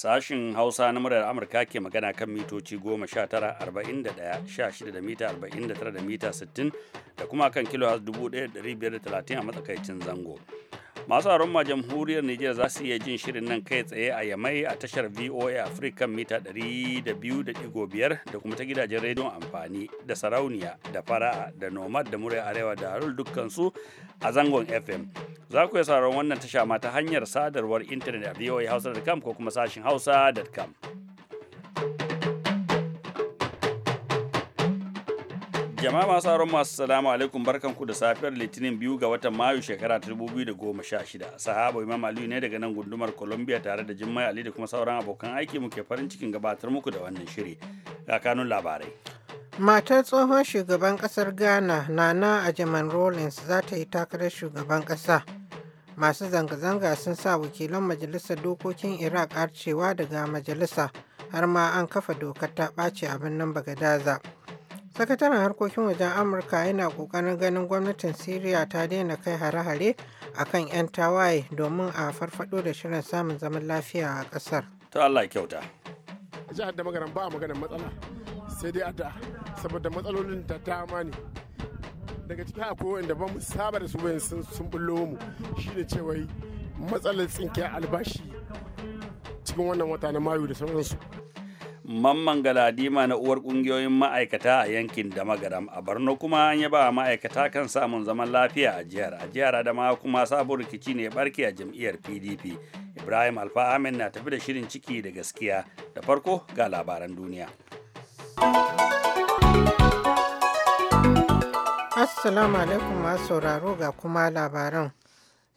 Sashin Hausa na muryar Amurka ke magana kan mitoci arba'in da mita arba'in da mita sittin da kuma kan kilo talatin a matsakaicin zango. masu tsaron ma jamhuriyar Nijar za su iya jin shirin nan kai tsaye a yamai a tashar VOA Africa mita 200.5 da kuma ta gidajen rediyon amfani da sarauniya da fara'a da nomad da murya arewa da harul dukkansu a zangon FM. Za ku iya tsaron wannan tasha ma ta hanyar sadarwar intanet a voahausa.com ko kuma sashin hausa.com. Jama'a masu sauran masu salamu alaikum ku da safiyar Litinin biyu ga watan Mayu shekara ta dubu biyu da 2016. sahaba Imam Aliyu ne daga nan gundumar Columbia tare da Jimmai Ali da kuma sauran abokan aiki muke farin cikin gabatar muku da wannan shiri. Ga labarai. Matar tsohon shugaban kasar Ghana Nana jaman Rawlings za ta yi takarar shugaban kasa. Masu zanga-zanga sun sa wakilan majalisar dokokin Iraq arcewa daga majalisa har ma an kafa dokar ta ɓace abin nan Bagadaza. daza. sakataren harkokin wajen amurka yana kokarin ganin gwamnatin syria ta daina kai hare-hare a kan 'yan tawaye domin a farfado da shirin samun zaman lafiya a kasar ta allah kyauta jihar da magana ba maganar matsala sai dai ada saboda matsalolin ta dama ne daga cikin akwai wanda ba mu saba da su bayan sun bullo mu shine cewa matsalar tsinkiyar albashi cikin wannan wata na mayu da sauransu mamman galadima na uwar kungiyoyin ma'aikata a yankin damagaram a borno kuma an yaba ma'aikata kan samun zaman lafiya a jihar a jihar adama kuma sabon rikici ne barke a jam'iyyar pdp ibrahim alfa amin na tafi da shirin ciki da gaskiya da farko ga labaran duniya assalamu alaikum masu sauraro ga kuma labaran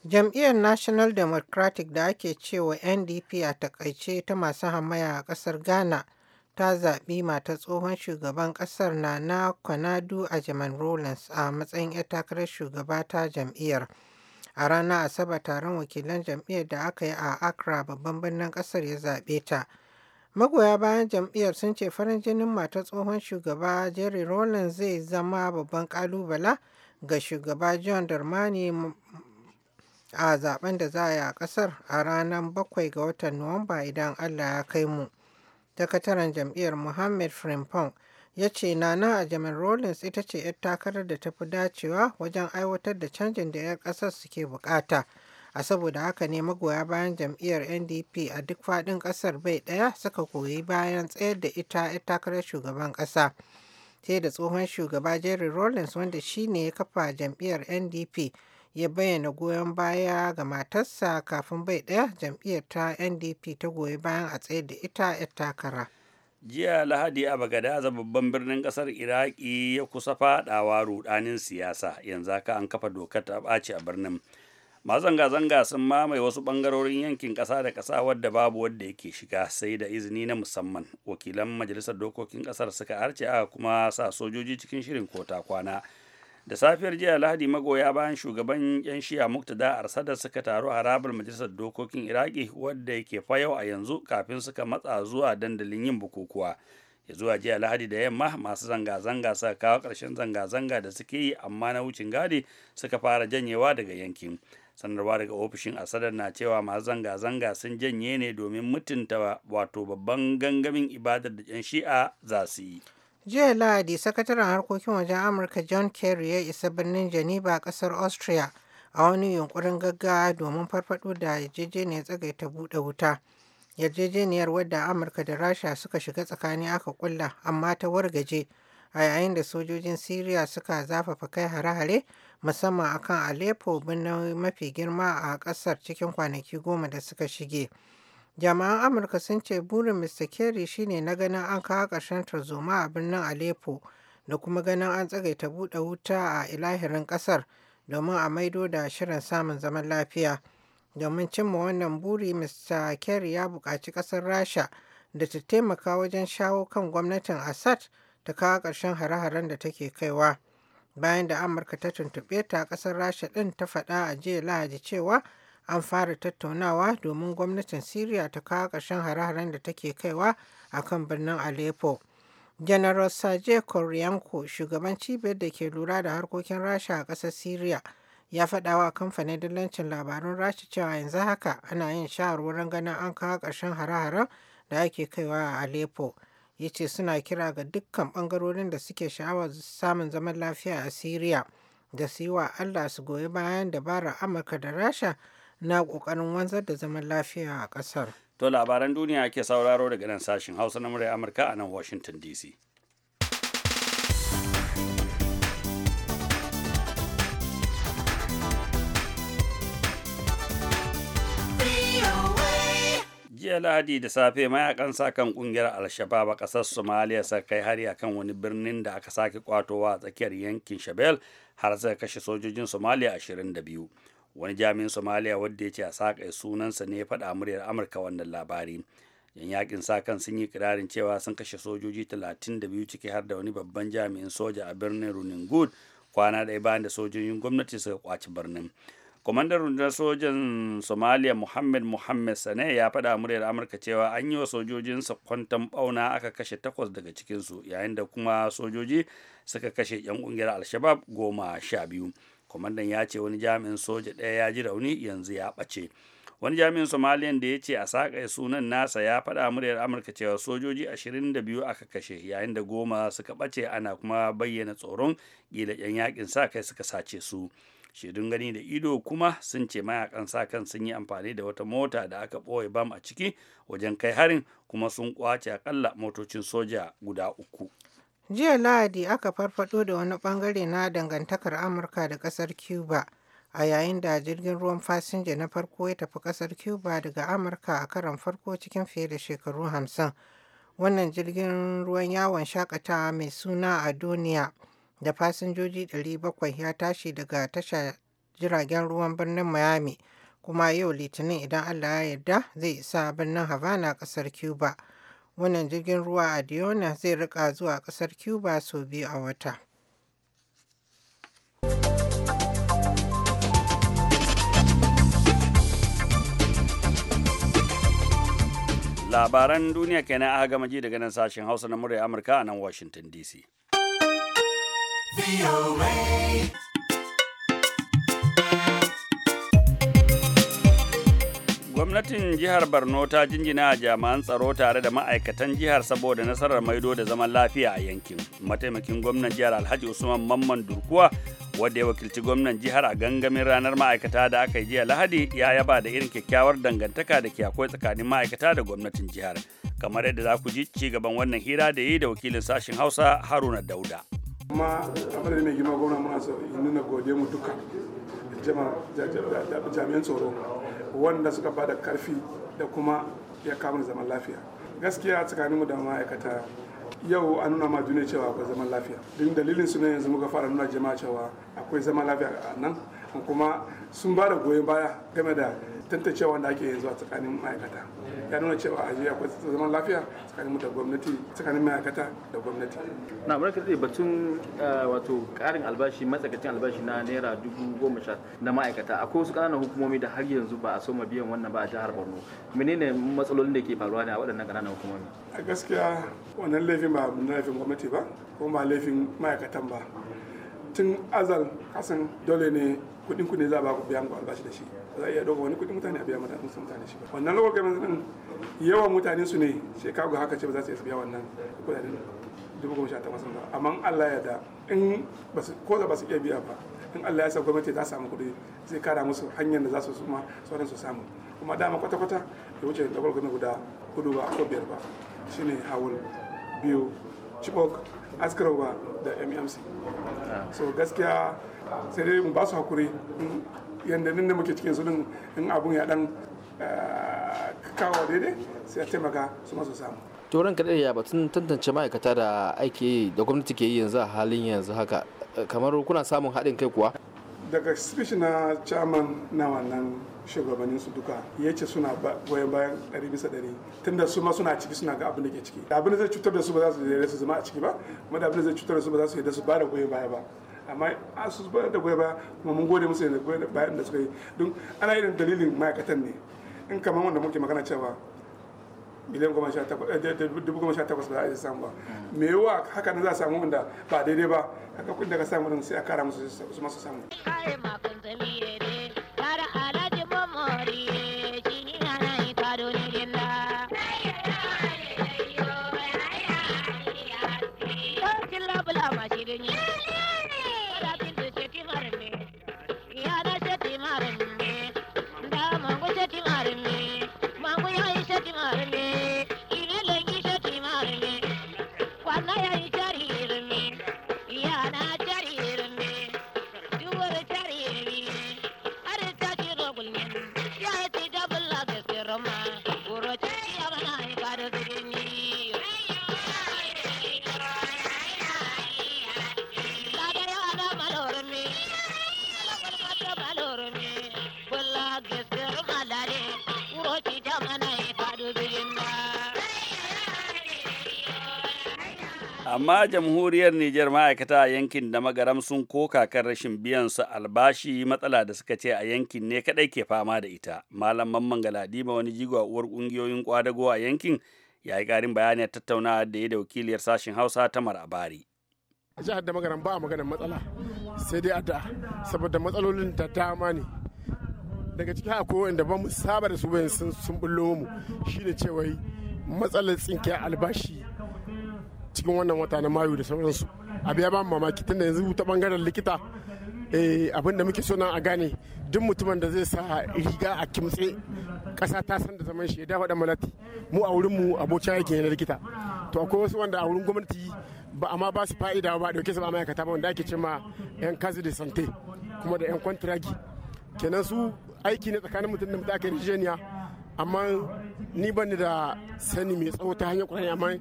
Jam'iyyar National Democratic da ake cewa NDP a takaice ta masu hamaya a ƙasar Ghana ta zaɓi matar tsohon shugaban ƙasar na na kwanadu a jaman rollins a matsayin 'yar takarar shugaba ta jam'iyyar. A ranar Asabar taron wakilan jam'iyyar da aka yi a Accra babban birnin ƙasar ya zaɓe ta. Magoya bayan jam'iyyar sun ce farin jinin matar tsohon shugaba Jerry rollins zai zama babban ƙalubala ga shugaba John darmani a zaben da za a yi a ƙasar a ranar bakwai ga watan Nuwamba idan Allah ya kai mu. Dakataren jam'iyyar Mohammed Frimpong ya ce Nana Ajamin Rawlings ita ce 'yar takarar da ta fi dacewa wajen aiwatar da canjin da 'yan ƙasar suke bukata. A saboda haka ne magoya bayan jam'iyyar NDP a duk faɗin ƙasar bai ɗaya suka koyi bayan tsayar da ita 'yar takarar shugaban ƙasa. Sai da tsohon shugaba Jerry Rawlings wanda shi ne ya kafa jam'iyyar NDP ya bayyana goyon baya ga matarsa kafin bai ɗaya jam'iyyar ta ndp ta goyi bayan a tsaye da ita 'yar takara jiya lahadi a bagadaza babban birnin kasar iraki ya kusa fadawa rudanin siyasa yanzu haka an kafa dokar ta ɓaci a birnin masu zanga-zanga sun mamaye wasu bangarorin yankin ƙasa da ƙasa wadda babu wadda yake shiga sai da izini na musamman wakilan majalisar dokokin ƙasar suka harce aka kuma sa sojoji cikin shirin kota kwana da safiyar jiya lahadi magoya bayan shugaban yan shiya muktada arsada suka taru a harabar majalisar dokokin iraki wadda yake fayau a yanzu kafin suka matsa zuwa dandalin yin bukukuwa ya zuwa jiya lahadi da yamma masu zanga-zanga suka kawo karshen zanga-zanga da suke yi amma na wucin gadi suka fara janyewa daga yankin sanarwa daga ofishin asadar na cewa masu zanga-zanga sun janye ne domin mutunta wato babban gangamin ibadar da 'yan shi'a za su yi Jiya Lahadi, Sakataren Harkokin Wajen Amurka John Kerry ya isa birnin Geneva, kasar Austria, a wani yunkurin gaggawa domin farfaɗo da yarjejeniyar tsagaita buɗe wuta. Yarjejeniyar wadda Amurka da Rasha suka shiga tsakani aka kulla amma ta wargaje a yayin da sojojin Siriya suka zafafa kai hare-hare musamman akan Aleppo birnin mafi girma a kasar cikin kwanaki goma da suka shige. Jami'an Amurka sun ce burin Mr. Kerry shine na ganin an kawo ƙarshen tarzoma a birnin Aleppo da kuma ganin an tsagaita buɗe wuta a ilahirin ƙasar domin a maido da shirin samun zaman lafiya. Domin cimma wannan buri, Mr. Kerry ya buƙaci ƙasar Rasha da ta taimaka wajen shawo kan gwamnatin Assad ta kawo ƙarshen hare-haren da take kaiwa. Bayan da Amurka ta tuntuɓe ta ƙasar Rasha ɗin ta faɗa a jiya Lahadi cewa an fara tattaunawa domin gwamnatin Siriya ta kawo ƙarshen hare-haren da take kaiwa a kan birnin Aleppo. General Sergei Koryanko, shugaban cibiyar da ke lura da harkokin Rasha a ƙasar Siriya, ya faɗa wa kamfanin dillancin labarun Rasha cewa yanzu haka ana yin shawarwarin ganin an kawo ƙarshen hare-haren da ake kaiwa a Aleppo. Ya ce suna kira ga dukkan ɓangarorin da suke sha'awar samun zaman lafiya a Siriya da su yi wa Allah su goyi bayan dabarar Amurka da Rasha na kokarin wanzar da zaman lafiya a ƙasar. To labaran duniya ake sauraro daga nan sashen Hausa na murya Amurka a nan Washington DC. jiya lahadi da safe mayakan sakan kungiyar al-shabab a kasar somalia sa kai hari akan wani birnin da aka sake kwatowa a tsakiyar yankin shabel har sai kashe sojojin somalia 22 wani jami'in somaliya wadda ya ce a saƙa sunansa ne ya faɗa muryar amurka wannan labari yan yakin sa kan sun yi kirarin cewa sun kashe sojoji 32 ciki har da wani babban jami'in soja a birnin runingud kwana ɗaya bayan da sojojin gwamnati suka kwaci birnin kwamandan rundunar sojan somaliya muhammad muhammad sane ya faɗa muryar amurka cewa an yi wa sojojinsa kwantan ɓauna aka kashe takwas daga cikinsu yayin da kuma sojoji suka kashe 'yan ƙungiyar alshabab goma sha biyu kwamandan ya ce wani jami'in soja ɗaya ya ji rauni yanzu ya ɓace wani jami'in somaliyan da ya ce a saƙa sunan nasa ya faɗa muryar amurka cewa sojoji ashirin da biyu aka kashe yayin da goma suka ɓace ana kuma bayyana tsoron ƙila 'yan yakin sa kai suka sace su shaidun gani da ido kuma sun ce mayakan sa kan sun yi amfani da wata mota da aka ɓoye bam a ciki wajen kai harin kuma sun kwace akalla motocin soja guda uku Jiya Lahadi aka farfado da wani bangare na dangantakar Amurka da kasar Cuba a yayin da jirgin ruwan fasinja na farko ya tafi kasar Cuba daga Amurka a karon farko cikin fiye da shekaru hamsin. Wannan jirgin ruwan yawon shakatawa mai suna duniya da fasinjoji 700 ya tashi daga tasha jiragen ruwan birnin Miami kuma yau Litinin idan Allah ya yarda zai isa birnin Havana kasar Cuba. Wannan jirgin ruwa a Diona zai rika zuwa kasar Cuba sau biyu a wata. Labaran duniya kenan aka gama ji daga nan sashen Hausa na murya Amurka a nan Washington DC. gwamnatin jihar Borno ta jinjina jami'an tsaro tare da ma'aikatan jihar saboda nasarar maido da zaman lafiya a yankin. Mataimakin gwamnan jihar Alhaji Usman Mamman Durkuwa wadda ya wakilci gwamnan jihar a gangamin ranar ma'aikata da aka yi jiya Lahadi ya yaba da irin kyakkyawar dangantaka da ke akwai tsakanin ma'aikata da gwamnatin jihar. Kamar yadda za ku ji ci gaban wannan hira da yi da wakilin sashin Hausa Haruna Dauda. Kuma abin da mai gina gwamna muna so nuna gode mu duka jami'an tsaro wanda suka ba da karfi da kuma ya kama zaman lafiya gaskiya tsakanin mu da ma'aikata yau an nuna ma duniya cewa akwai zaman lafiya don dalilin su yanzu muka fara nuna jama'a cewa akwai zaman lafiya a nan kuma sun ba da goyon baya game da tantance wanda ake yanzu a tsakanin ma'aikata ya nuna cewa a akwai zaman lafiya tsakanin mu da gwamnati tsakanin ma'aikata da gwamnati na amurka da batun eh, wato karin albashi matsakacin albashi na naira dubu goma sha na ma'aikata akwai wasu ƙananan hukumomi da har yanzu ba a so ma biyan wannan ba a jihar borno menene matsalolin da ke faruwa ne a waɗannan ƙananan hukumomi a gaskiya wannan laifin ba laifin gwamnati ba kuma ba laifin ma'aikatan ba tun azal kasan dole ne Kudin ku ne za a ba ku biya muku albashi da shi za a iya ɗauka wani kudin mutane a biya mutane su mutane shi ba wannan lokacin government din yawan mutane su ne ga haka ce ba za su iya biya wannan kuɗaɗen dubu goma sha takwas ba amma Allah ya da in ko da ba su iya biya ba in Allah ya sa gwamnati ta samu kudi zai kara musu hanyar da za su suma sauran su samu kuma dama kwata-kwata ya wuce da gwamnati guda hudu ba ko biyar ba shine hawul biyu chibok askarwa da mmc e so gaskiya sai dai ba su hakuri yadda nan da muke cikin sunan in abun ya dan eh, kawo daidai sai a taimaka su masu samu turan kadai ya batun tantance ma'aikata da aiki da gwamnati ke yi yanzu a halin yanzu haka eh, kamar kuna samun haɗin kai kuwa daga speech na chairman na wannan shugabannin su duka ya ce suna goyon bayan ɗari bisa ɗari tunda su ma suna ciki suna ga abin da ke ciki abin da zai cutar da su ba za su yarda su zama a ciki ba kuma da abin da zai cutar da su ba za su yarda su ba da goyon baya ba amma su ba da goyi ba kuma mun gode musu da goyi bayan da suka yi don ana irin dalilin ma'aikatan ne in kamar wanda muke magana cewa miliyan goma sha takwas eh, ba za a yi samu ba hmm. me yi wa haka na za a samu wanda ba daidai ba haka kun daga samu sai a kara musu masu samu 我们国家 amma jamhuriyar Nijar ma'aikata a yankin da magaram sun koka kan rashin biyan su albashi matsala da suka ce a yankin ne kadai ke fama da ita malam mamman galadima wani jigo a uwar kungiyoyin kwadago a yankin ya yi karin bayani a tattaunawa da ya da wakiliyar sashen hausa ta marabari jihar da magaram ba maganar matsala sai dai ada saboda matsalolin ta dama ne daga cikin akwai wanda ba mu saba da su bayan sun bullo mu shine cewa matsalar tsinke albashi cikin wannan wata na mayu da sauransu abu ya ba mu mamaki tunda yanzu ta bangaren likita eh, abin da muke so nan a gane duk mutumin da zai sa riga a kimtse ƙasa ta san da zaman shi ya dafa malati mu a wurin mu abota yake na likita to akwai wasu wanda a wurin gwamnati ba amma ba su fa'ida ba dauke su ba ma'aikata ba wanda ake cewa yan kazi da sante kuma da yan kwantiragi kenan su aiki ne tsakanin mutum da mutum aka yi amma ni ban da sani mai tsawo ta hanyar ƙwararri amma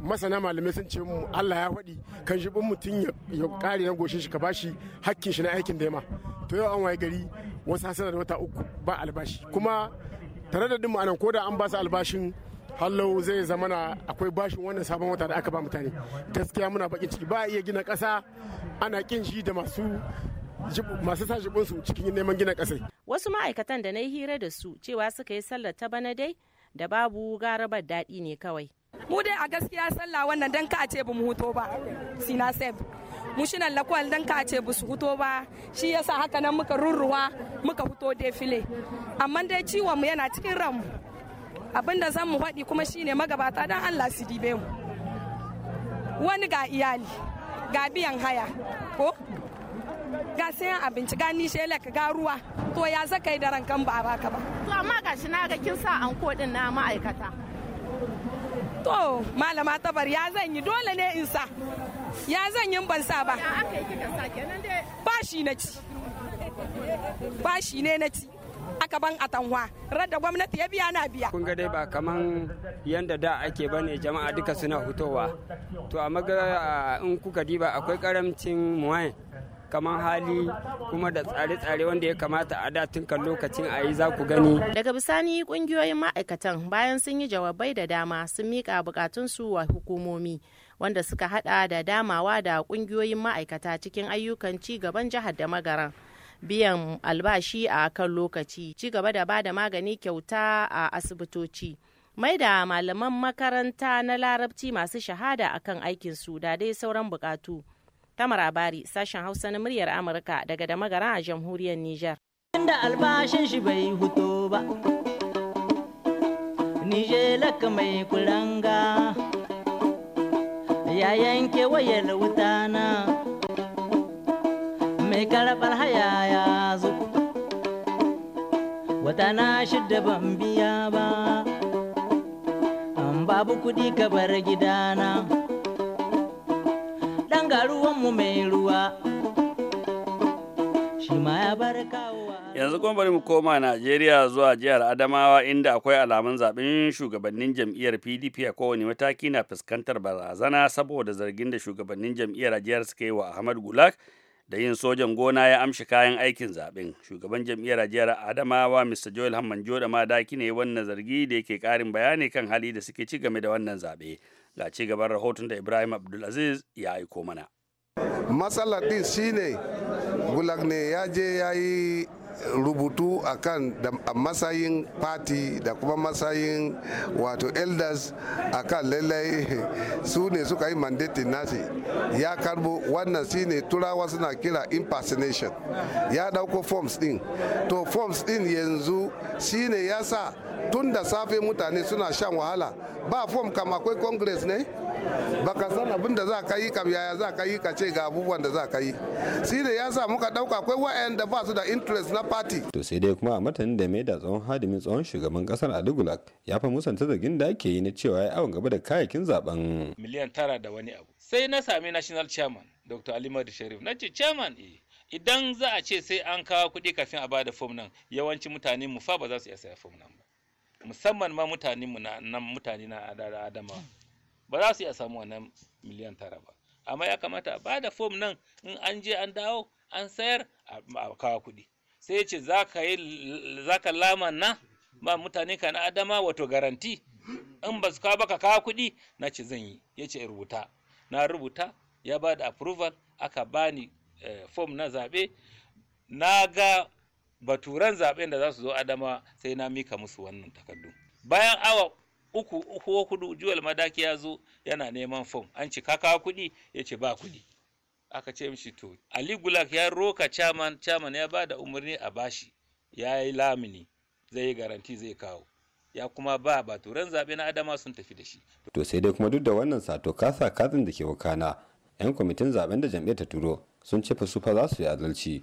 masana malamai sun ce mu Allah ya faɗi kan shi bin mutum ya ƙare na goshin shi ka bashi hakkin shi na aikin da ma to yau an waye gari wasu hasana da wata uku ba albashi kuma tare da dimma anan koda an ba su albashin hallo zai zama na akwai bashin wannan sabon wata da aka ba mutane gaskiya muna bakin ciki ba iya gina ƙasa ana kin shi da masu masu sa jibinsu cikin neman gina kasai. Wasu ma'aikatan da na yi hira da su cewa suka yi sallar ta bana dai da babu garabar daɗi ne kawai. Mu dai a gaskiya sallah wannan dan ka ce bamu huto ba. Sina Seb. Mu shi lakwal dan ka ce su huto ba. Shi yasa haka nan muka rurruwa muka huto defile. Amma dai ciwon mu yana cikin ranmu. Abin da zan mu faɗi kuma shine magabata dan Allah su dibe mu. Wani ga iyali, ga biyan haya, ko? ga sayan abinci ga ni ka ga ruwa to ya zaka yi da rankan ba baka ba to amma shi na ga kin sa anko din na ma'aikata to malama tabar ya zan yi dole ne in sa ya zan yi ban sa ba bashi na ci bashi ne na ci aka ban atanwa radda gwamnati ya biya na biya kun ga dai ba kamar yadda da ake bane jama'a duka suna hutowa to amma in kuka diba akwai karamcin muwaye kaman hali kuma da tsare-tsare wanda ya kamata a datin kan lokacin a yi za ku gani. Daga bisani kungiyoyin ma'aikatan bayan sun yi jawabai da dama sun miƙa bukatunsu wa hukumomi wanda suka hada da damawa da kungiyoyin ma'aikata cikin ayyukan ci gaban jihar da magaran. biyan albashi a kan lokaci ci gaba da bada magani kyauta a asibitoci mai da malaman makaranta na larabci masu shahada akan aikinsu da dai sauran bukatu Tamar Abari sashen Hausa na muryar Amurka daga da magara a jamhuriyar Nijar. Inda albashin shi bai huto ba. laka mai kuranga ya yanke wayar na. mai karɓar haya ya zo. na shida ban biya ba, babu kuɗi ka bar gidana. yanzu kuma bari mu koma Najeriya zuwa jihar Adamawa inda akwai alamun zaben shugabannin jam'iyyar PDP a kowane mataki na fuskantar barazana saboda zargin da shugabannin jam'iyyar jihar suka yi wa Ahmad Gulak da yin sojan gona ya amshi kayan aikin zaben shugaban jam'iyyar jihar Adamawa Mr. Joel Hamman Joda ma daki ne wannan zargi da yake karin bayani kan hali da suke ci game da wannan zabe. ga ci gaban rahoton da ibrahim abdulaziz ya aiko mana matsalar din shine gulag ne ya je ya yi rubutu akan da matsayin party da kuma matsayin wato elders akan lallai su ne suka yi mandatin nasi ya karbo wannan shine turawa suna kira impersonation ya dauko forms din to forms din yanzu shine ya sa tun da safe mutane suna shan wahala ba form kam akwai congress ne baka san abin da za ka yi kam yaya za ka yi ka ce ga abubuwan da za ka yi shine ya sa muka dauka akwai wa'anda ba su da interest na party to sai dai kuma a matanin da mai da tsohon hadimin tsawon shugaban kasar adugulak ya fa musanta zagin da ake yi na cewa ya awon gaba da kayakin zaben miliyan tara da wani abu sai na sami national chairman dr alimadu sharif na ce chairman eh idan za a ce sai an kawo kuɗi kafin a bada fom nan yawancin mutane mu fa ba za su iya saya fom nan ba musamman ma mutane mu nan mutane na adama ba za su iya samu wannan miliyan tara ba amma ya kamata a bada fom nan in an je an dawo an sayar a kawo kuɗi sai ce za ka lama na ba mutane ka na adama wato garanti in ba su kawo baka kawo kuɗi na ce zan yi ya ce rubuta na rubuta ya ba da approval aka bani eh, fom na zaɓe na ga baturan zaɓen da za su zo adama sai na mika musu wannan takardu bayan awa uku ko hudu juwal madaki ya zo yana neman fom an ci ka kawo kuɗi ya ce ba kuɗi aka ce mishi to ali gulak ya roka chairman chairman ya bada umarni a bashi ya yi lamini zai yi garanti zai kawo ya kuma ba ba baturan zaɓe na adama sun tafi da shi to sai dai kuma duk da wannan sato kasa kazin da ke wakana yan kwamitin zaben da jam'iyyar ta turo sun ce fa su fa za su yi adalci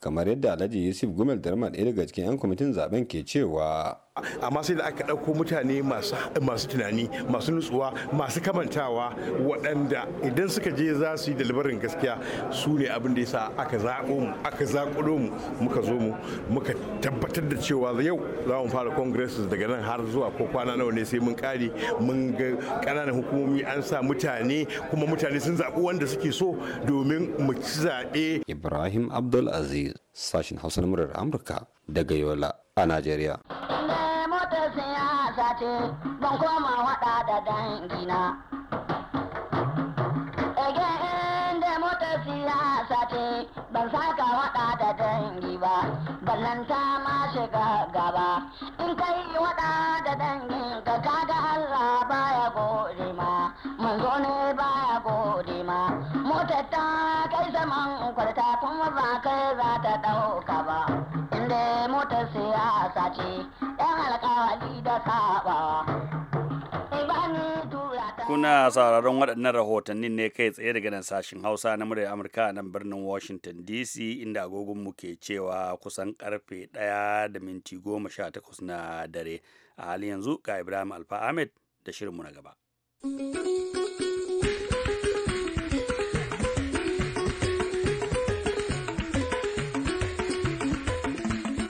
kamar yadda alhaji yusuf gumel darman ɗaya daga cikin yan kwamitin zaben ke cewa amma sai da aka ɗauko mutane masu tunani masu nutsuwa masu kamantawa waɗanda idan suka je za su yi dalibarin gaskiya su ne abin da ya sa aka zaɓo mu aka zaƙulo mu muka zo mu muka tabbatar da cewa yau za mu fara congress daga nan har zuwa ko kwana nawa ne sai mun kare mun ga ƙananan hukumomi an sa mutane kuma mutane sun zaɓi wanda suke so domin mu ci zaɓe. ibrahim abdul aziz sashin hausa na murar amurka daga yola a najeriya. ce ban koma waɗa da dangina. Ege inda motar siyasa sace ban saka waɗa da dangi ba, ta ma shiga gaba. In kai waɗa da dangi ka kaga Allah baya gode ma, manzo ne baya gode ma. Motar ta kai zaman kwarta kuma ba kai za ta ɗauka ba. Inda mota siyasa ce Kuna sauraron waɗannan rahotannin ne kai tsaye daga nan sashen Hausa na muryar Amurka a nan birnin Washington DC inda agogonmu ke cewa kusan karfe ɗaya da minti goma sha takwas na dare. A halin yanzu ga Ibrahim Alfa Ahmed da shirinmu na gaba.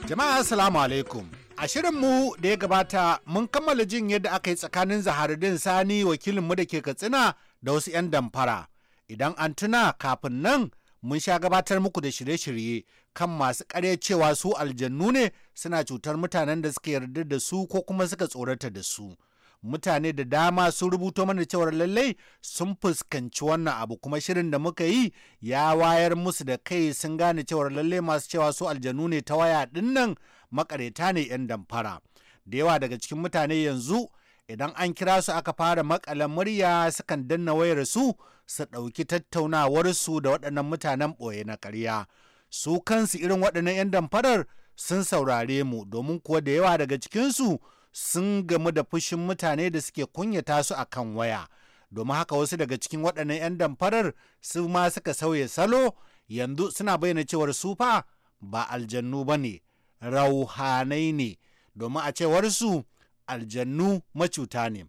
Jama'a Assalamu alaikum. a shirinmu da ya gabata mun kammala jin yadda aka yi tsakanin zaharuddin sani wakilinmu da ke katsina da wasu 'yan damfara idan an tuna kafin nan mun sha gabatar muku da shirye-shirye kan masu karya cewa su aljannu ne suna cutar mutanen da suka yarda da su ko kuma suka tsorata da su mutane da dama sun rubuto mana cewar lallai sun fuskanci wannan abu kuma shirin da muka yi ya wayar musu da kai sun gane cewar lallai masu cewa su aljanu ne ta waya dinnan makareta ne 'yan damfara da yawa daga cikin mutane yanzu idan an kira su aka fara makalan murya sukan danna wayar su su ɗauki tattaunawar su da waɗannan mutanen ɓoye na karya su kansu irin waɗannan 'yan damfarar sun saurare mu domin kuwa da yawa daga cikinsu sun gamu da fushin mutane da suke kunyata su a kan waya domin haka wasu daga cikin waɗannan 'yan damfarar su ma suka sauya salo yanzu suna bayyana cewar su fa ba aljannu ba ne rauhanai ne domin a su aljannu macuta ne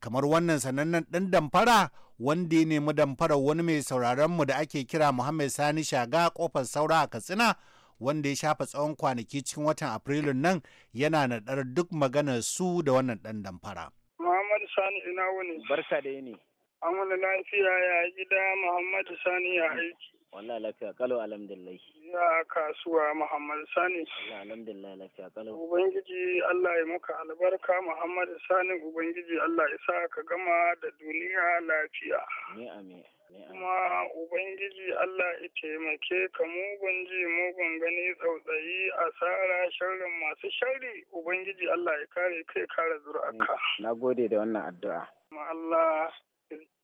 kamar wannan sanannen ɗan damfara wanda ya nemi damfarar wani mai sauraronmu da ake kira Muhammad Sani Shaga kofar saura a Katsina wanda ya shafa tsawon kwanaki cikin watan Afrilun nan yana naɗar duk maganar su da wannan ɗan damfara. Muhammad Sani ina wani. Barka ne. An wani lafiya ya gida Muhammad Sani ya aiki. Wallah lafiya kalau alhamdulillah. Ina kasuwa Muhammad Sani. Allah alhamdulillah lafiya kalau. Ubangiji Allah ya maka albarka Muhammad Sani Ubangiji Allah ya sa ka gama da duniya lafiya. Ni ame. Kuma Ubangiji Allah ya taimake ka mugun ji mugun gani tsautsayi asara sharrin masu sharri Ubangiji Allah ya kare kai kare zuri'arka. Na gode da wannan addu'a. Allah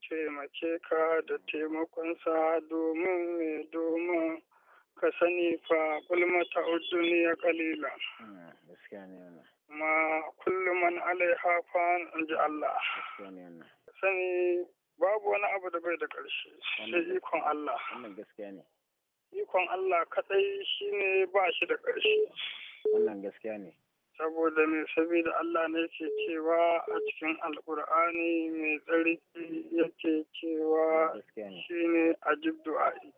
taimake ka da taimakonsa domin domin ka sani fa kulmata udduni ya kalila. Ah, Ma kullum an alaiha fa in ji Allah. Sani babu wani abu da bai da ƙarshe sai ikon Allah. Ikon Allah kaɗai shine ba shi da ƙarshe. Wannan gaskiya ne. saboda mai saboda Allah ne ke cewa a cikin alkur'ani mai tsarki yake cewa shi shine a du'a'i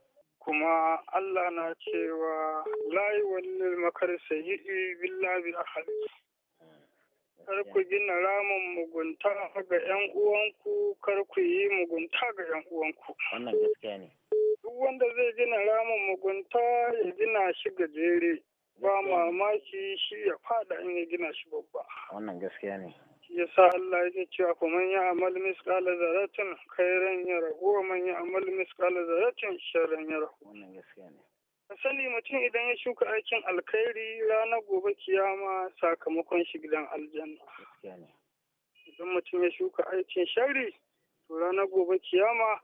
kuma Allah na cewa layi wani makar sayyi'i billahi a hmm. kar ku gina ramin mugunta ga yan uwanku kar ku yi mugunta ga yan uwanku wannan gaskiya ne duk wanda zai gina ramin mugunta ya gina shi jere. ba mamaki shi ya fada in ya gina shi babba wannan gaskiya ne ya sa Allah yake cewa ko man ya amal misqala zaratin khairan yara wa man ya amal misqala zaratin sharran rahu. wannan gaskiya ne sani mutum idan ya shuka aikin alkhairi ranar gobe kiyama sakamakon shi gidan aljanna idan mutum ya shuka aikin shari to ranar gobe kiyama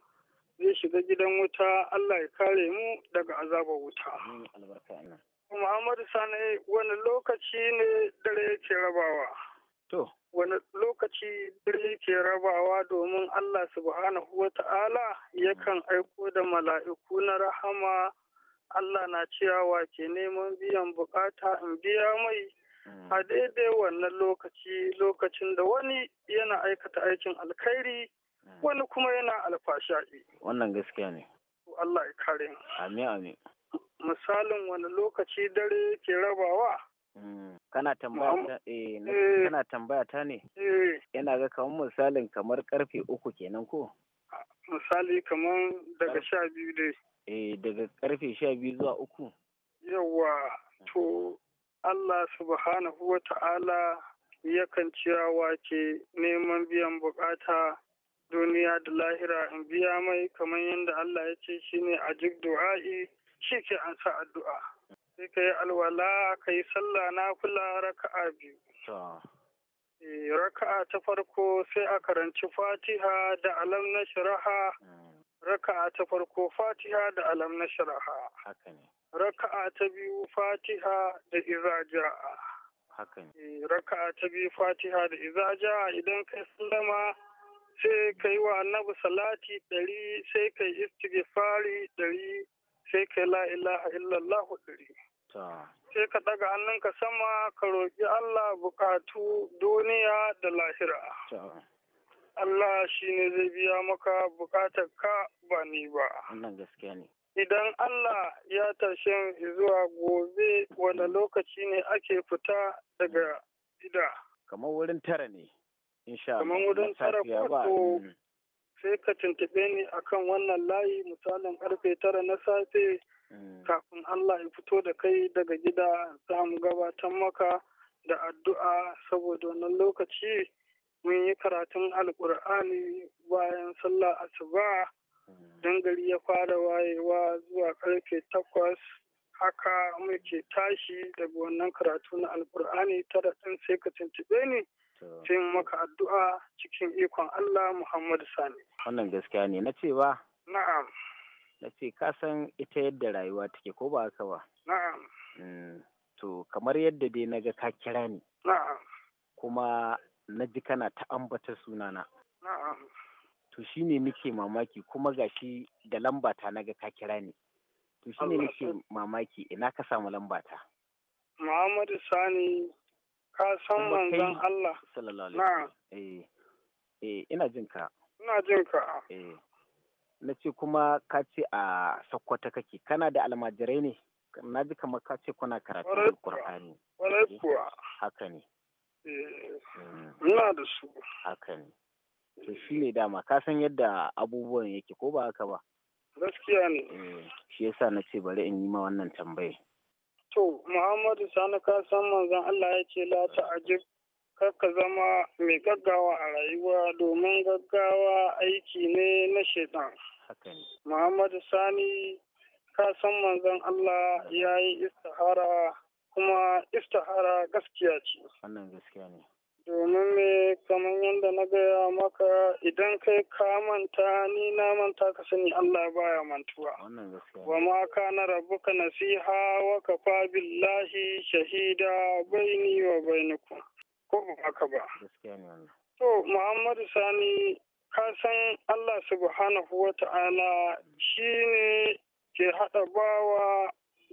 zai shiga gidan wuta Allah ya kare mu daga azabar wuta Muhammadu Sani wani lokaci ne dare yake rabawa. To. Wani lokaci dare yake rabawa domin Allah subhanahu wa ta'ala yakan aiko da mala'iku na rahama Allah na ciyawa ke neman biyan bukata in biya mai hmm. a daidai wannan lokaci lokacin da wani yana aikata aikin alkhairi hmm. wani kuma yana alfasha'i. Wannan gaskiya ne. Allah ya kare. Amin amin. misalin wani lokaci dare ke rabawa mm. kana tambaya ta eh, eh. kana tambaya ta ne eh. yana ga kamar misalin kamar karfe uku kenan ko misali kamar daga sha biyu dai eh daga karfe sha biyu zuwa uku Yawwa, to Allah subhanahu wa ta'ala yakan ciyawa ke neman biyan bukata duniya da lahira in biya mai kamar yadda Allah ya ce shi ne a duk du'a'i shi ke an sa addu'a sai ka yi alwala ka yi sallah na kula raka'a biyu eh, raka'a ta farko sai a karanci fatiha da alam na shiraha hmm. raka'a ta farko fatiha da alam na shiraha raka'a ta biyu fatiha da izaja'a eh, raka'a ta biyu fatiha da izaja'a idan kai sallama sai ka yi wa annabi salati ɗari sai ka yi istighfari ɗari sai kai la ilaha illallah ɗari. Sai ka daga hannunka sama ka roƙi Allah bukatu duniya da lahira. Allah shi ne zai biya maka bukatar ka ba ni ba. Idan Allah ya tashe zuwa gobe wani lokaci ne ake fita daga gida. Kamar wurin tara ne. Insha Allah. Kamar wurin tara ko mm. sai ka tuntube ni akan wannan layi misalin karfe tara na safe mm. kafin Allah ya fito da kai daga gida za mu gabatar maka da addu'a saboda wannan lokaci mun yi karatun alkur'ani bayan sallah asuba mm. don gari ya fara wayewa zuwa karfe takwas haka muke tashi daga wannan karatu na alkur'ani tara ɗin sai ka tuntube ni. cin maka addu'a cikin ikon Allah Muhammadu Sani. Wannan gaskiya ne na ce ba? Na'am. Na ce ka san ita yadda rayuwa take ko ba haka ba? Na'am. Mm, to kamar yadda dai na ga ka kira ni. Na'am. Kuma na ji kana ta ambata sunana. Na'am. To shi ne nake mamaki kuma gashi da lambata naga ga ka kira ni. To shi ne nake mamaki ina ka samu lambata. Muhammadu Sani ka san Allah sallallahu alaihi wasallam eh, eh ina jin ka ina jin ka eh na ce kuma ka ce a sakkwata kake kana da almajirai ne na ji kamar ka ce kuna karatu da Kur'ani. walai eh, kuwa haka ne eh, mm. ina da su haka ne to shi ne dama ka san yadda abubuwan yake ko ba haka ba gaskiya ne shi yasa na ce bari in yi ma wannan tambayi To, Muhammadu Sani ka san manzon Allah ya ce la ta'ajib ka zama mai gaggawa a rayuwa domin gaggawa aiki ne na shaitan. Muhammadu Sani ka san manzon Allah ya yi istihara kuma istihara gaskiya ce. domin me kamar yadda na gaya maka idan kai ka manta ni na manta ka sani Allah baya mantuwa wa ma kana rabbuka nasiha wa kafa billahi shahida baini wa bainiku. ko ba haka ba to Muhammadu Sani ka san Allah subhanahu wa ta'ala shine ke haɗa bawa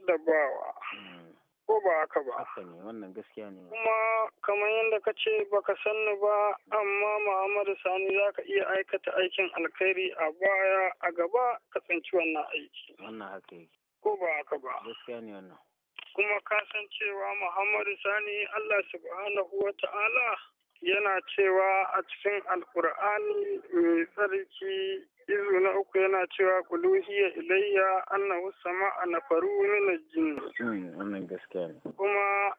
da bawa hmm. ko ba haka ba. Haka wannan gaskiya ne. Kuma kamar yadda ka ce baka sani ba amma Muhammadu Sani za ka iya aikata aikin alkhairi a baya a gaba ka tsinci wannan aiki. Wannan haka yake. Ko ba haka ba. Gaskiya ne wannan. Kuma ka san cewa Muhammadu Sani Allah subhanahu wa ta'ala yana cewa a cikin alkur'ani mai tsarki izu na uku yana cewa kuluhiya ilayya annahu sama'a na faru na jini. Hmm, kuma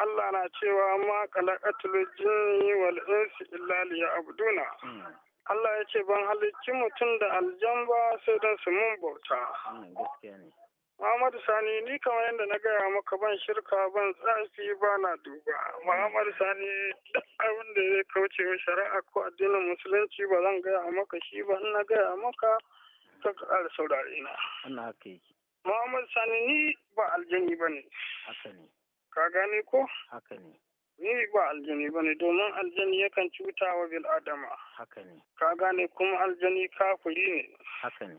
Allah na cewa ma kalaqatul jini wal insi illa abduna hmm. Allah ya ce ban halicci mutum da aljamba ba sai don su mun bauta. Hmm, Muhammadu Sani ni kamar yadda na gaya maka ban shirka ban tsafi ba na duba. Muhammadu Sani duk abin da zai kauce wa shari'a ko addinin musulunci ba zan gaya maka shi ba in na gaya maka ta da saurare na. Wannan haka yake. Muhammadu Sani ni ba aljani ba ne. Haka ne. Ka gane ko? Haka ne. Ni ba aljani ba ne domin aljani yakan cuta wa bil'adama. Haka ne. Ka gane kuma aljani kafiri ne. Haka ne.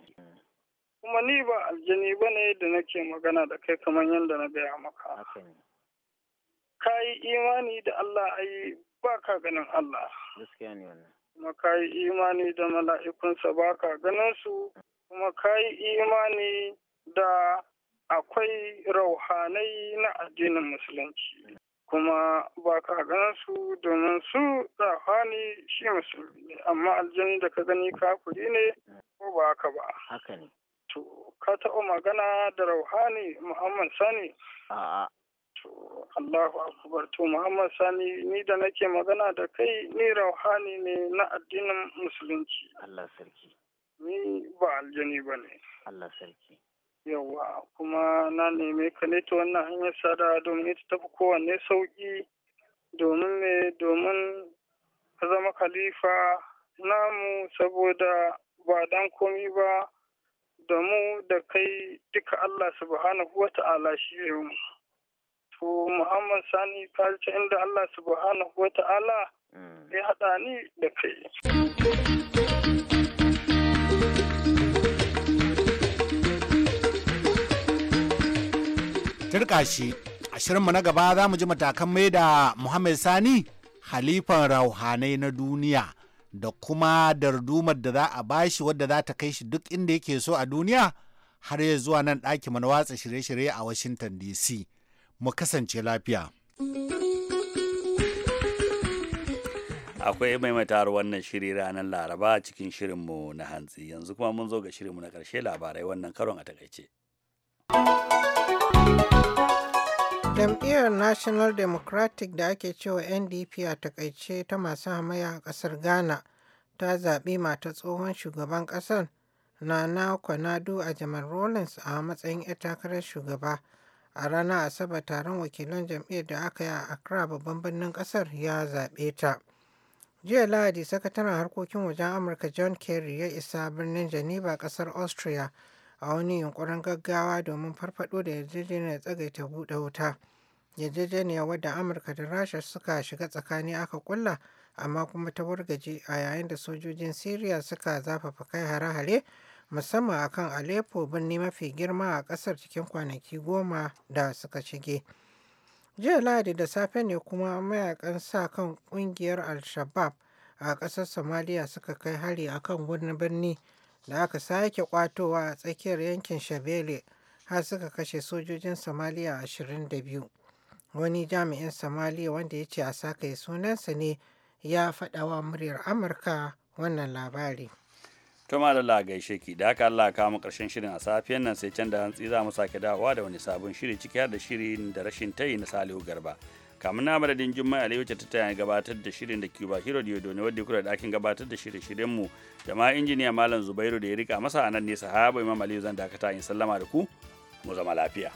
kuma ni ba aljani ba ne da nake magana da kai kamar yadda na gaya maka ka yi imani da Allah Ayi, ba ka ganin Allah kuma ka yi imani da mala'ikunsa ba ka ganin su kuma ka yi imani da akwai rauhanai na addinin musulunci kuma ba ka ganin su domin su rauhani shi musulmi amma aljani da ka gani kafuri ne ko ba haka ba haka ne To, ka taɓa magana da Rauhani Muhammad Sani? To, Allahu Akbar. To, Muhammad Sani, ni da nake magana da kai, ni Rauhani ne na addinin Musulunci. Allah sarki. Ni ba aljani ba ne. Allah sarki. Yawwa, kuma na neme ka ne ta wannan hanyar sada domin ita tafi kowanne sauƙi domin ne domin ka zama khalifa namu saboda ba dan komi ba da mu da kai duka Allah subhanahu wa ta'ala shi mu. To Muhammad Sani ka inda Allah subhanahu wa ta'ala mm. ya haɗa ni da kai. Turka shi, ashirinmu na gaba za mu ji matakan mai da Muhammad Sani halifan rauhanai na duniya. da kuma dardumar da za a bashi wadda za ta kai shi duk inda yake so a duniya har ya zuwa nan ɗaki mana watsa shirye-shirye a Washington DC. Mu kasance lafiya. Akwai maimaitawar wannan shiri ranar Laraba cikin shirinmu na hantsi yanzu kuma mun zo ga shirinmu na ƙarshe labarai wannan karon a takaice. Jam'iyyar National Democratic da ake cewa NDP a takaice ta masu hamaya a ƙasar Ghana ta zaɓi mata tsohon shugaban ƙasar Nana Kwanadu a Jamal Rawlings a matsayin 'yar takarar shugaba. A ranar Asabar taron wakilan jam'iyyar da aka yi a Accra babban birnin ƙasar ya zaɓe ta. Jiya Lahadi, Sakataren Harkokin Wajen Amurka John Kerry ya isa birnin Geneva ƙasar Austria a wani yunkurin gaggawa domin farfaɗo da yarjejeniyar tsagaita buɗe wuta. Yarjejeniyar wadda Amurka da Rasha suka shiga tsakani aka kulla amma kuma ta wargaje a yayin da sojojin Siriya suka zafafa kai hare-hare musamman a kan Aleppo birni mafi girma a ƙasar cikin kwanaki goma da suka shige. Jiya Lahadi da safe ne kuma mayakan sa kan ƙungiyar al shabab a ƙasar Somalia suka kai hari akan wani birni da aka sake kwatowa a tsakiyar yankin Shabele har suka kashe sojojin da 22. Wani jami'in samaliya wanda ya ce a ya sunansa ne ya faɗawa muryar Amurka wannan labari. Tuma da gaishe ki da haka Allah kama karshen shirin a safiyan nan sai can da hantsi za mu sake dawowa da wani sabon shiri ciki har da shirin da rashin tayi na Salihu Garba. kamar na madadin juma'a alayyu ta taya gabatar da shirin da cuba hero da yodo ne wadda kura da akin gabatar da shirye-shiryen mu da ma injiniya malam zubairu da ya rika masa anan ne ha imam aliyu zan dakata in sallama da ku mu zama lafiya